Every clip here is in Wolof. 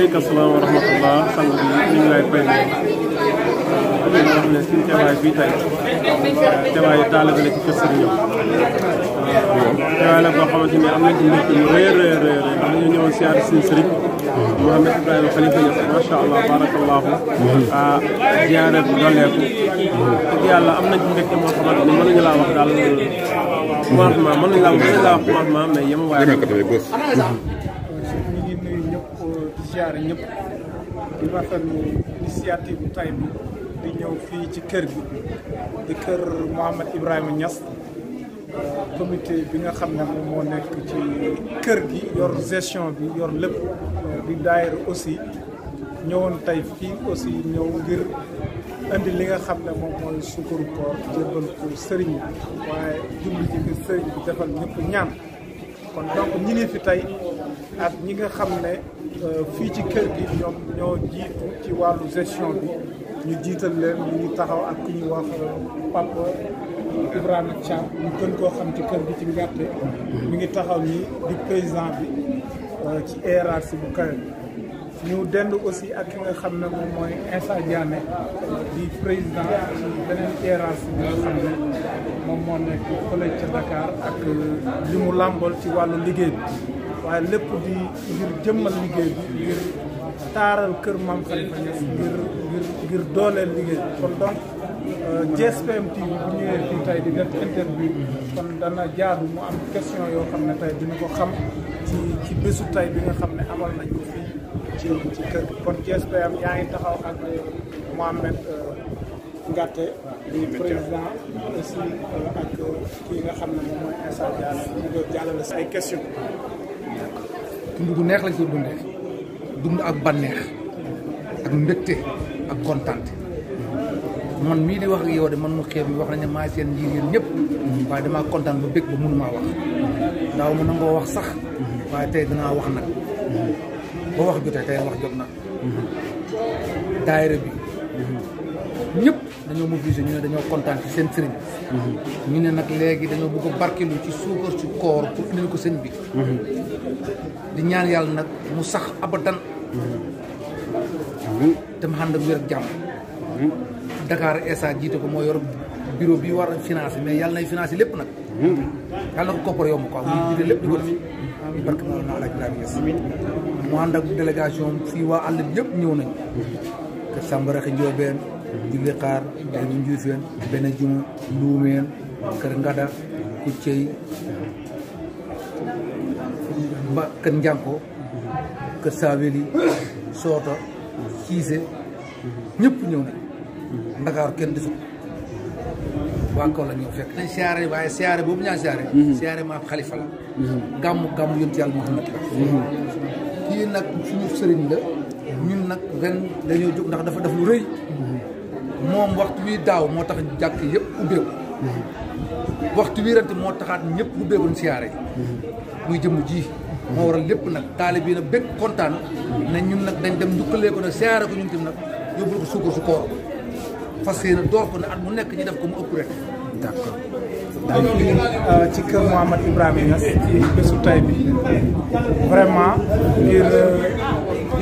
aleykum salaam wa rahmatullah sang bi ñu ngi lay fay li nga xam ne suñu teewaay bii tey teewaayu taalibe la ci kër Sëriñ ñëw teewaay la boo xamante ni am nañ ci mbégte yu rëy a rëy rëy rëy ndax ñu ñëwoon siyaar suñu sëriñ Mouhamed Ibrahima Khalifa Niass macha allah barakallahu ah ziyaare bu dolleeku yàlla am nañ ci mbégte moo xamante ni mënuñu laa wax daal commencement mën nañu laa wax mën nañu laa wax commencement mais yem waaye siyaar ñëpp di rafetlu initiative tay bi di ñëw fii ci kër gi di kër Mouhamed Ibrahima ñas euh, comité bi nga xam ne moom moo nekk ci kër gi yor gestion bi yor lépp euh, di daayira aussi ñëwoon tey fii aussi ñëw ngir indi li nga xam ne moom mooy sukkur koor jébbal ko sëriñ bi waaye jublu ci sëriñ bi defal ñëpp ñaan kon donc ñi fi tey ak ñi nga xam ne euh, fii ci kër gi ñoom ñoo jiitu ci wàllu gestion bi ñu jiital leen ñu ngi taxaw ak ki ñuy wax euh, Papa Ibrahima Thiam ñu gën koo xam ci kër bi ci ngàtte mm-hmm. mi ngi taxaw nii di président bi euh, ci si bu Kayoor ñu dend aussi ak ki nga xam ne moom mooy Insa Diané di président ci beneen terrasse bi nga xam ne moom moo nekk fële ca Dakar ak li mu làmbool ci wàll liggéey bi waaye lépp di ngir jëmmal liggéey bi ngir taaral kër Mame Khalifa Niass ngir ngir ngir dooleel liggéey bi kon donc euh, GSPM TV bu ñëwee fii tey di def interview kon dana jaadu mu am question yoo xam ne tey dina ko xam ci ci bésu tay bi nga xam ne amal nañ fii ci ci yaa ngi taxaw ak Mohamed euh, Ngatte di président aussi euh, euh, nga xam ne moom mooy Insa Diallo si ay question dund gu neex lañ ko dundee dund ak bànneex ak mbégte ak kontante man mii di wax ak yow de man mu xeeb mi wax nañ ne maa seen njiit yéen ñëpp waaye damaa kontaan ba bég ba mënumaa wax daaw ma nangoo wax sax mm-hmm. waaye tey danaa wax nag ba wax jotee tey wax jot na daayira bi ñëpp dañoo mobilisé ñu ne dañoo kontaan ci seen sëriñ ñu ne nag léegi dañoo bëgg a ci suukar ci koor pour indil ko seen bi di ñaan yàlla nag mu sax abadan te xam ànd ak wér ak jàmm Dakar SA jiite ko moo yor bureau bi war a financé mais yàlla nay finance lépp nag yàlla na ko koppar yomb quoi muy jiite lépp di ko def barke naa laaj laa mu ànd ak délégation fii waa àll bi ñëw nañ kër Sambaraxi Njoobeen Julli Xaar ay bu Njuufeen benn Nduumeen kër Ngada Kuccey mba kër Njanko kër Saaweli Soota Siise ñëpp ñëw nañ Ndakaaru kenn desul waa kaw la fekk nañ siyaare waaye siyaare boobu ñaan siyaare mhm. siyaare maam xalifa la mhm. gàmmu gàmmu yonent yàlla Muhammad la mhm. kii nag suñu sëriñ la ñun nag ren dañoo jóg ndax dafa def lu rëy moom waxtu wi daaw moo tax jàkk yëpp ubbeeku waxtu wi rent moo taxaat ñëpp ubbeekuñ siyaare muy jëmm ji moo waral lépp nag taalib yi nag bëgg kontaan ne ñun nag dañ dem njukkalee ko nag siyaare ko ñun tim nag yóbbul ko suukar su koor fas yéene door ko ne at mu nekk ñu def ko mu ëpp rek d'accord tey euh, ci kër Mouhamad Ibrahima Niass ci bésu tay bi vraiment ngir euh,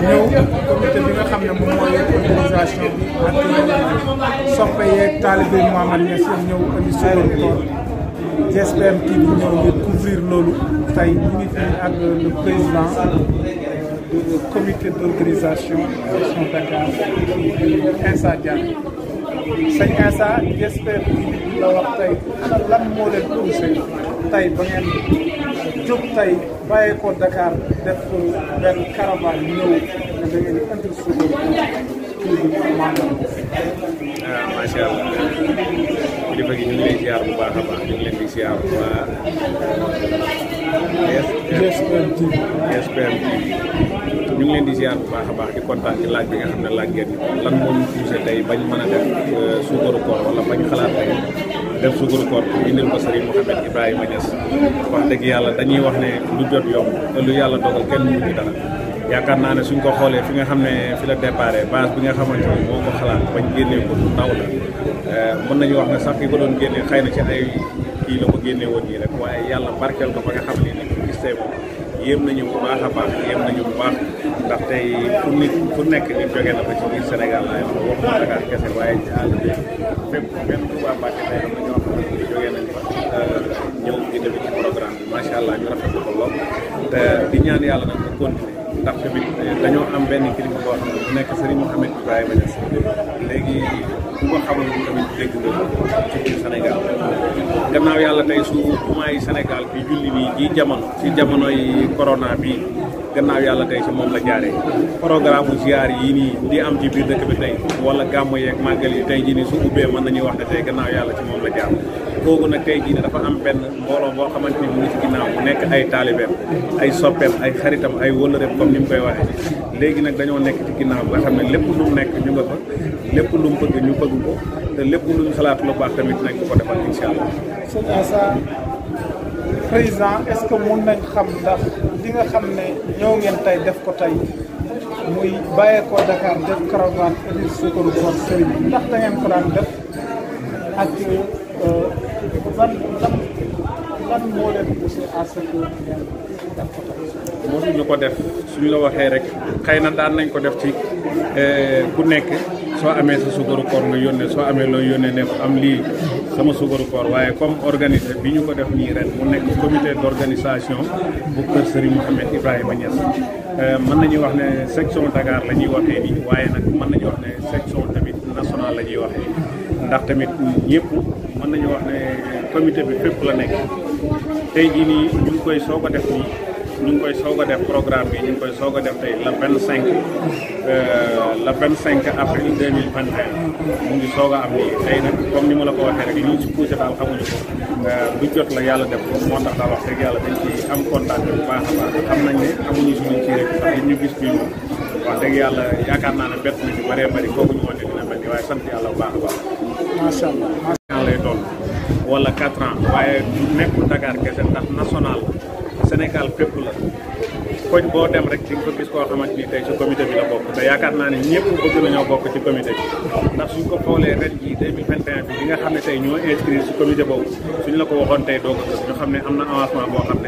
ñëw comité bi nga xam ne moom mooy organisation bi ak euh, soppe yeeg taalibe Mouhamad Niass yéen ñëw indi soloon koor GSPM TV ngir couvrir loolu tey ñu ngi fi ak le président du comité d' organisation Action Dakar ci sëñ Insa j'espère la wax tey lan moo leen poussé tey ba ngeen jóg tey bàyyi ko Dakar def benn caravane ñëw ne da ngeen indil suñu kii bi kilifa gi ñu ngi lay ziar bu baax a baax ñu leen di ziar bu baax TV ñu leen di ziar bu baax a baax di kontaan ci laaj bi nga xam ne laaj ngeen lan moo ñu poussé tey bañ mën a def suukaru koor wala bañ xalaat tey def suukaru koor pour indil ko Serigne Mouhamed Ibrahima Niass wax dëgg yàlla dañuy wax ne lu jot yomb te lu yàlla dogal kenn dara yaakaar naa ne suñ ko xoolee fi nga xam ne fi la déparé base bi nga xamante ni moo ko xalaat bañ génnee ko lu ndaw la euh, mën nañu wax ne sax ki ko doon génnee xëy na ci ay kii la ko génnee woon nii rek waaye yàlla barkeel ko ba nga xam ne ni ko gis tey moom yéem nañu bu baax a baax yéem nañu bu baax ndax tey fu nit fu nekk nit jóge na ko ci biir Sénégal laay wax wax ma Dakar kese waaye ci àll bi fépp benn Touba Mbacke tey am na ñoo xam ne jóge nañ fa euh, ñëw di tamit ci programme bi macha allah ñu rafetlu ko lool te di ñaan yàlla nag mu continuer ndax tamit dañoo am benn kilifa boo xam ne bu nekk Serigne Mouhamed Ibrahima Niass léegi bu ko xamal moom na ci biir yàlla tey su jumaay Sénégal bi julli bi ji jamono ci jamonoy corona bi gannaaw yàlla tey si moom la jaaree programme ziar yi nii di am ci biir dëkk bi tey wala gàmm yeeg màggal yi tey jii nii su ubbee mën nañuy wax ne tey gannaaw yàlla ci moom la jaar kooku nag tey jii dafa am benn mbooloo boo xamante ni mu nekk ay taalibeem ay soppeem ay xaritam ay wëlëreem comme ni mu koy waxee léegi nag dañoo nekk ci ginnaaw nga xam ne lépp lu mu nekk ñu nga lépp lu ñu bëgg ko lépp lu ñu xalaat lu baax tamit nañ ko ko defal incha allah. sëñ est-ce que mun nañ xam ndax li nga xam ne ñëw tey def ko tey. muy bàyyeekoo Dakar def caravane indi daan def ak done, done, lan moo leen poussé à ce que ngeen def ko tey. mosuñu ko def suñu la waxee rek xëy na daan nañ ko def ci ku nekk soo amee sa suukaru koor nga yónnee soo amee loo yónnee ne am lii sama suukaru koor waaye comme organisé bi ñu ko def nii ren mu nekk comité d' organisation bu kër Serigne Mouhamed Ibrahima Niass. mën nañu wax ne section Dakar la ñuy waxee nii waaye nag mën nañu wax ne section tamit nationale la ñuy waxee ndax tamit ñëpp mën nañu wax ne. comité bi fepp la nek tay ji ni ñu koy soga def ni ñu koy soga def programme bi ñu koy soga a def tay la 25 euh la 25 avril 2021 ñu soga et am ni tay nak comme ni ma la ko waxe rek li ñu si poussé daal xamuñu ko bu euh, jot la yalla def mo tax da wax rek yalla dañ ci am contact bu baax baax xam nañ ne amuñu suñu ci rek tax ñu gis bii wax rek yalla yaakaar na na bet na ñu bëree ko ñu woon dina mel ni way sant yalla bu baax a baax. macha allah. sha Allah wala 4 ans waaye nekkul Dakar kese ndax national Sénégal fépp la koñ bo dem rek ci ko gis ko xamanteni tay ci comité bi la bokk te yaakaar na ni ñepp bëgg nañoo bokk ci comité bi ndax suñ ko xolé ren ji 2021 bi bi nga xam tay tey ñoo inscrire ci comité bobu suñ la ko waxon tay doo ko ñu xam amna avancement bo xam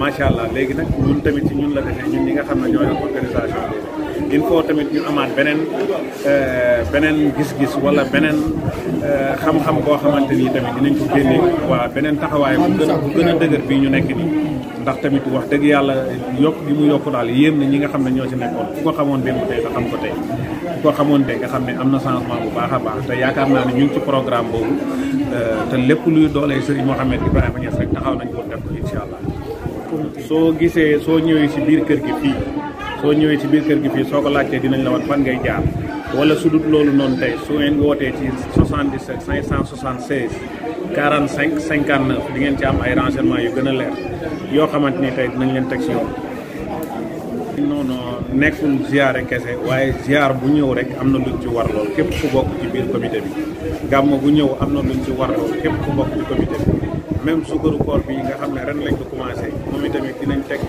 machallah macha nak ñun tamit ci ñun la defee ñun ñi nga xam ne ñoo organisation bi il faut tamit ñu amaat beneen euh, beneen gis-gis wala beneen euh, xam-xam boo xamante ni tamit dinañ ko génne waa beneen taxawaay bu gën a dëgër bii ñu nekk nii. ndax tamit wax dëgg yàlla yokk gi mu yokk daal yéem na ñi nga xam ne ñoo ci nekkoon ku ko xamoon démb tey nga xam ko tey ku ko xamoon nga xam ne am na changement bu baax a baax te yaakaar naa ne ñu ngi ci programme boobu euh, te lépp luy doole doolee Serigne Mouhamed Ibrahima Niass rek taxaw nañ ko def ko incha allah soo gisee soo ñëwee si biir kër gi fii. soo ñëwee ci biir kër gi fii soo ko laajtee dinañ la wan fan ngay jaar wala su dut loolu noonu tey su ngeen wootee ci 77 576 45 59 di ngeen ci am ay renseignements yu gën a leer yoo xamante ni tey dinañ leen teg si yoon. non non nekkul ziare kese waaye ziar bu ñëw rek am na luñ ci war lool képp ku bokk ci biir comité bi gàmm bu ñëw am na luñ ci war lool képp ku bokk ci comité bi même sukaru koor bi xam ne ren lañ ko commencé moom itamit dinañ teg.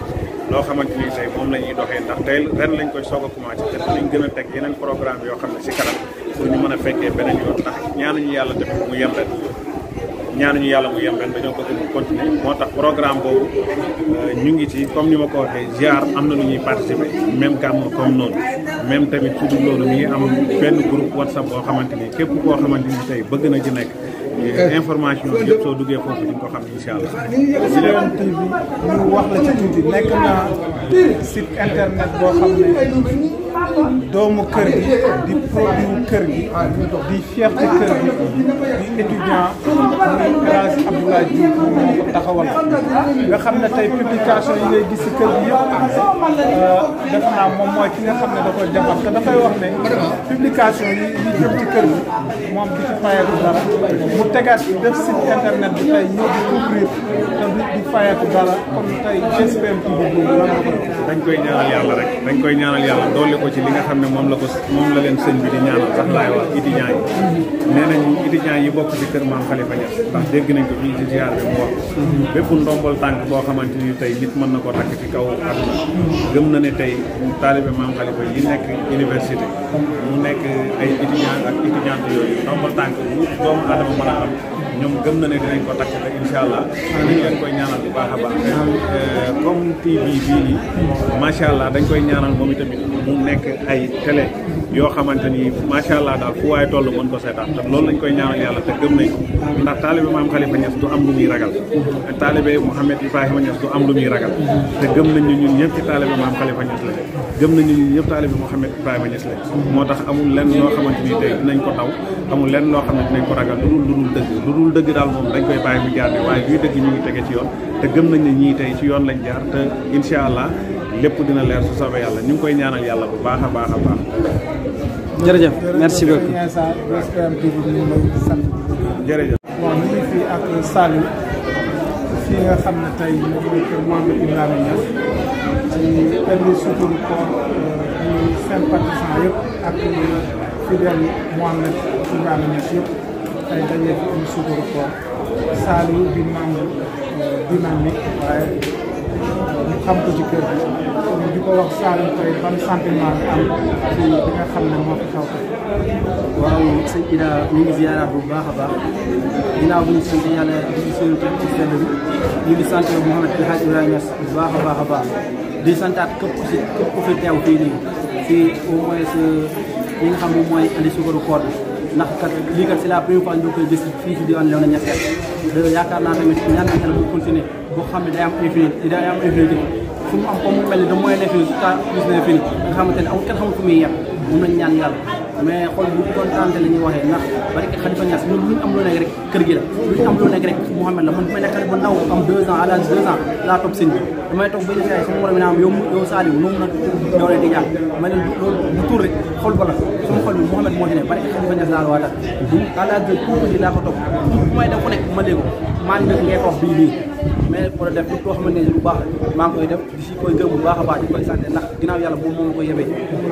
loo xamante ni tey moom la doxee ndax tey ren lañ koy soog a commencé te dinañ gën a teg yeneen programme yoo xam ne si kanam pour ñu mën a fekkee beneen yoon ndax ñu yàlla tamit mu yem ren ñu yàlla mu yem dañoo bëgg mu continuer moo tax programme boobu euh, ñu ngi ci comme ni ma ko waxee ziar am na lu ñuy participer même gàmm comme noonu même tamit su dul loolu ñu ngi am benn groupe whatsapp boo xamante ni képp koo xamante ni tey bëgg na ci nekk. Euh, information yëpp soo ko xam incha allah. si Leewtoo TV ñu wax la ci tuuti nekk na site internet boo xam ne. دوم كرغي دي برودو كرغي دي فيرت كرغي دي ايتوديان دي غراس عبد الله ديكو تاخوال غا خامنا تاي بوبليكاسيون يي لي غيس كرغي ييب دافنا موم موي كيغا خامنا داكو جابات تا داكاي واخ ني بوبليكاسيون يي لي جيم تي كرغي موم دي فايات دارا مو تيغات ديف سيت انترنت دي تاي نيو دي كوبري دي فايات دارا كوم تاي جيسبيم تي بوبو لا نوبو dañ koy ñaanal yàlla rek dañ koy ñaanal yàlla dolli ko ci li nga xam ne moom la ko moom la leen sëñ bi di ñaanal sax wax étudiants yi nee nañ yi bokk ci kër maam Khalifa Niass ndax dégg nañ ko fii ci ziar bi mu wax bépp ndombal tànk boo xamante ni tey nit mën na ko takk ci kaw àdduna gëm na ne tey taalibe maam Khalifa yi nekk université mu nekk ay étudiants ak étudiantes yooyu ndombal tànk bu doomu aadama mën a am ñoom gëm na ne dinañ ko takk te incha allah ñu ngi koy ñaanal bu baax a baax euh, comme TV bii nii macha allah dañ koy ñaanal moom itamit mu nekk ay télé yoo xamante ni macha allah daal fu waaye toll mën ko seetaan te loolu lañ koy ñaanal yàlla te gëm nañ ko ndax taalibe maam Khalifa Niass du am lu muy ragal taalibe Mouhamed Ibrahima Niass du gëm nañ ñu ñun ñëpp ci taalibe maam Khalifa Niass la gëm nañ ñun ñëpp taalibe Mouhamed Ibrahima Niass la moo tax amul lenn loo xamante ni tey dinañ ko taw amul lenn loo xam ne dinañ ko ragal lu dul lu dul dëgg lu dul dëgg daal moom dañ koy bàyyi mu jaar waaye luy dëgg ñu ngi tege ci yoon te gëm nañ ne tey ci yoon la jaar te incha allah lepp dina leer su soobee yalla ñu koy ñaanal yalla bu baaxa baaxa baax a baax. jërëjëf merci beaucoup jërëjëf. bon ñu ngi fii ak salu fi nga xamne tay tey ngi ko kër Mouhamed Ibrahima Niass ci benn sukur ko ñu euh, sympathisant yëpp ak ci euh, fidèle Mouhamed Ibrahima Niass yëpp tey dañuy fi am suukaru koor Saliou di membre euh, dynamique waaye. ñu xam ko ci kër gi ñu di ko wax Saloum tey ban sentiment am nga xam ne moo fi xaw ko waaw bu baax a baax ginnaaw bu ñu sant yàlla di suñu teg ci sedd bi ñu ngi sant bu baax a baax a baax di santaat képp ku si képp fii nii fii euh, nga xam ne mooy indi suukaru koor bi ndax kat lii kat c'est la première fois ñu koy gis fii ci diwaan Léona Niassène yaakaar naa tamit ñaan nañ bu continuer boo xam ne day am infinité day am infinité fu mu am ko mu mel ni da moyen d'infini ta plus d'infini nga xamante ne amul kenn xamul fu muy yem mun nañ ñaan yàlla mais xool bu kontaante la ñuy waxee ndax barke Khalifa Niass ñun lu ñu am lu nekk rek kër gi la lu ñu am lu nekk rek Mouhamed la man ma nekk ba ndaw am deux ans à l'âge deux ans laa topp sëñ bi damay toog bay def sama morom naam yow yow Saliou moom nag yow la di jàng ma ne loolu bu tuur rek xool ba la sama xol bi Mouhamed moo ci ne barke Khalifa Niass laa la waa tax à l'âge de tuuti laa ko topp bu may def ma dégg maa ngi nekk ngay wax bii nii mais pour def lu xamante ne lu maa ngi koy def di si koy gëm bu baax a baax di koy sant ndax ginnaaw yàlla moom moo ma koy yebee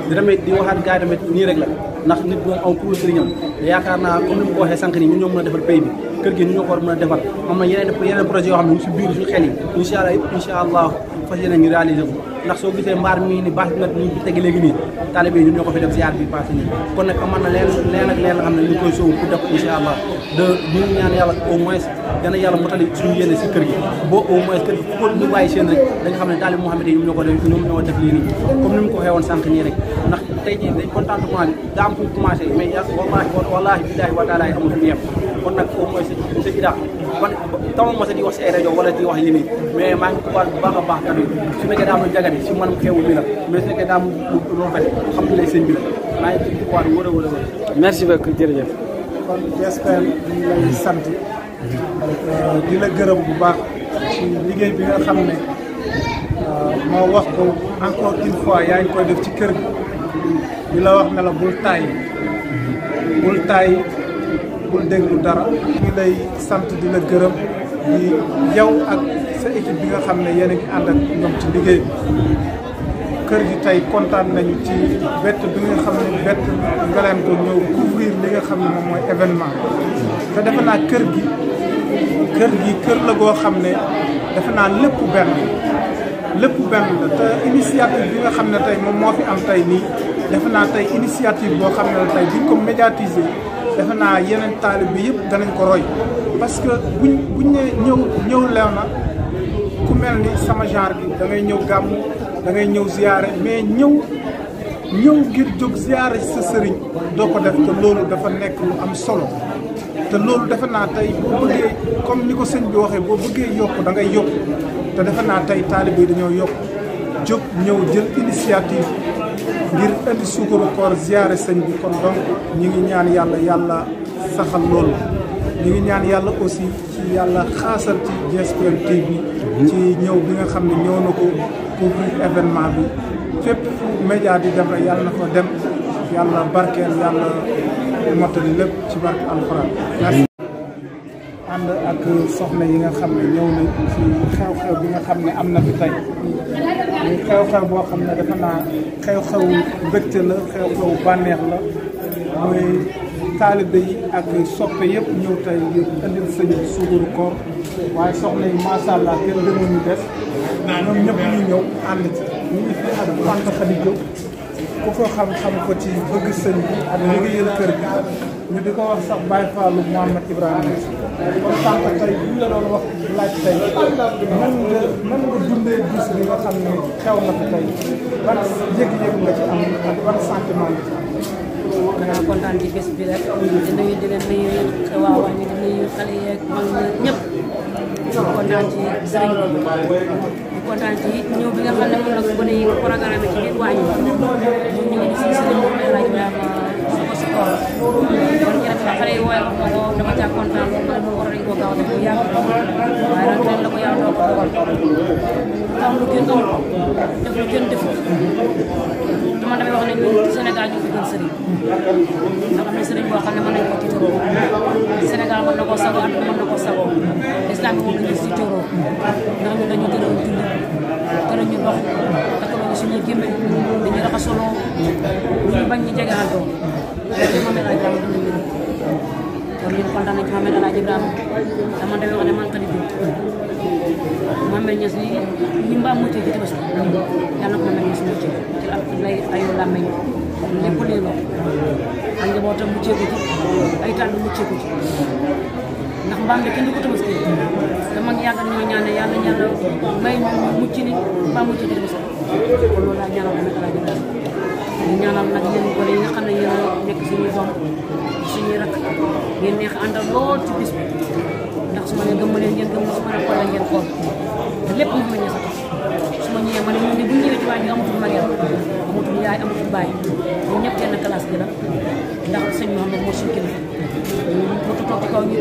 di tamit di waxaat gars yi nii rek la ndax nit moom am kuréel sëriñam yaakaar naa comme ni ma ko waxee sànq nii ñun ñoo mën a defal pays bi kër gi ñu ñoo ko war mën a defal am na yeneen yeneen projet yoo xam ne ñu si biir suñu xel yi incha allah incha allah fas yéene ñu réaliser ndax soo gisee ni taalibe yi ñun ñoo fi def ziar bi passé nii kon nag aman na leen leen la xam ne ñu koy sow pour def incha allah de ñu ñaan yàlla au moins yàlla motali suñu yéene si kër gi boo au kër gi ku ko ñu bàyyi seen rek dañu xam ne taalibe Muhammad yi ñoom ñoo ko def ñoom ñoo def lii nii comme ni mu ko waxee woon sànq nii rek tey jii dañ contentement daa am fu commencé mais yàlla wallaahi wallaahi wa taala amul fu yem kon nag au moins sa ci daal man ma sa di wax si ay rajo wala di wax li nii mais maa ngi ko bu baax a baax tamit su nekkee daa am si man xewu mi la mais su nekkee daa am lu rafet xam ne lay sëñ bi la maa ngi ci pouvoir wala wala wala merci beaucoup jërëjëf kon j'espère ñu lay sant di la gërëm bu baax ci liggéey bi nga xam ne euh, moo wax ko encore une fois yaa ngi koy def ci kër gi di la wax ne la bul tàyyi bul tàyyi bul déglu dara. ñu lay sant di la gërëm di yow ak sa équipe bi nga xam ne yéen a ngi ànd ak ci liggéey kër gi tey kontaan nañu ci bett bi nga xam ne bett nga ko ñëw couvrir li nga xam ne moom mooy événement te defe naa kër gi kër gi kër la goo xam ne defe naa lépp benn. lépp benn la te initiative bi nga xam ne tey moom moo fi am tey nii defe naa tey initiative boo xam ne la tey biñ ko médiatiser defe naa yeneen taalib bi yëpp danañ ko roy parce que buñ buñ ne ñëw ñëw leew na ku mel ni sama genre bi da ngay ñëw gàmm da ngay ñëw ziyaare mais ñëw ñëw ngir jóg ziyaare sa sëriñ doo ko def te loolu dafa nekk lu am solo te loolu defe naa tey boo bëggee comme ni ko seen bi waxee boo bëggee yokk da ngay yokk te defe naa tey taalibe yi dañoo yokk jóg ñëw jël initiative ngir indi suukaru koor ziyaare sëñ bi kon donc ñi ngi ñaan yàlla yàlla saxal loolu ñi ngi ñaan yàlla aussi ci yàlla xaasal ci GSPM mhm. TV bi ci ñëw bi nga xam ne ñëw na ko couvrir événement bi fépp média di dem rek yàlla na ko dem yàlla barkeel yàlla mottali lépp ci barke alxuraan ànd ak soxna yi nga xam ne ñëw nañ ci xew-xew bi nga xam ne am na fi tey muy xew-xew boo xam ne dafa naa xew-xew mbégte la xew-xew bànneex la muy taalibe yi ak soppe yëpp ñëw tey ngir indil sëñ suukaru koor waaye soxna yi macha allah kenn demoon ñu des ñoom ñëpp ñu ñëw ànd ci ñu ngi fi ak Fanta Khady Diop ku ko xam-xam ko ci bëgg sëñ bi ak liggéeyal kër bi ñu di ko wax sax Baye Fallou Mouhamad Ibrahima kon sànq tey bu ñu la doon wax laaj tey man nga man nga dundee bis bi nga xam ne xew na fi tey ban yëg-yëg nga ci am ak ci am. bi rek di nuyu di leen ci sëriñ bi kontaan bi nga xam ne moom la ko gone yi ci biir waañ ñu ngi gis si si tool kon ñu rafet xale yi woyal ko ko dama caa kontaan ne ñun Sénégal ñu fi gën sëriñ na sëriñ boo xam ne mën nañ ko tiitaroo Sénégal mën na ko sagoo na ko sagoo a julli dañuy dox takkaloo suñuy gémmañ dañuy raxasoloo ñu bañ ñu jegaantoo te moom la jàmm dina mel kon ñun kontaan nañ ci Mohamed Alaaji Ibrahima dama demee wax ne man xarit Mohamed Niass ni ñi mbaam mbaam de kenn du ko tabaski te mag yàggal ñoo ñaan yàlla ñàlla may ñu mucc nit ba mucc ci tabaski kon loolu laa ñaanal nag laa jëndal ñu ñaanal nag yéen gone yi nga xam ne yéen nekk suñuy doom suñuy rakk ngeen neex àndal lool ci bis bi ndax su ma ne gëmm leen ngeen gëmm ne xool la ngeen xool lépp mu ma ñëw sa tax su ma ñëwee ma de bu ñëwee ci waa ji amatul mag amatul yaay amatul bàyyi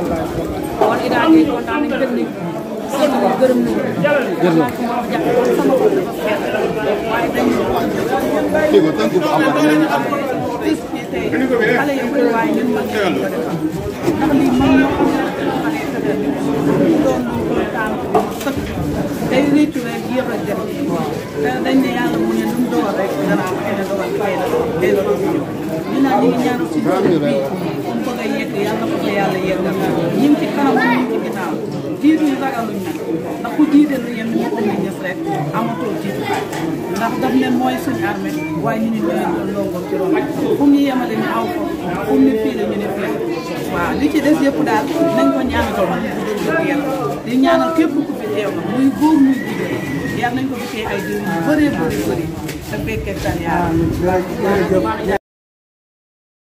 kon Ida Gueye kontaan nañu gën nañu sant nañu gërëm nañu. jërëjëf. yàlla na ko fa yàlla yeggal ñi ngi ci kanam ñi ngi ci ginnaaw jiitu ñu ragaluñ nag ndax ku jiite lu yem ñu ko muy gis rek amatoo jiitu ndax daf ne mooy suñu armée waaye ñu ne ñu ñu aw fii la ñu fii waaw li ci des yëpp daal nañ ko ñaanal man dëgg yàlla di ñaanal képp ku fi teew na muy góor muy jigéen yàlla nañ ko fi ay jiw yu bëree bëri bëri te fekkee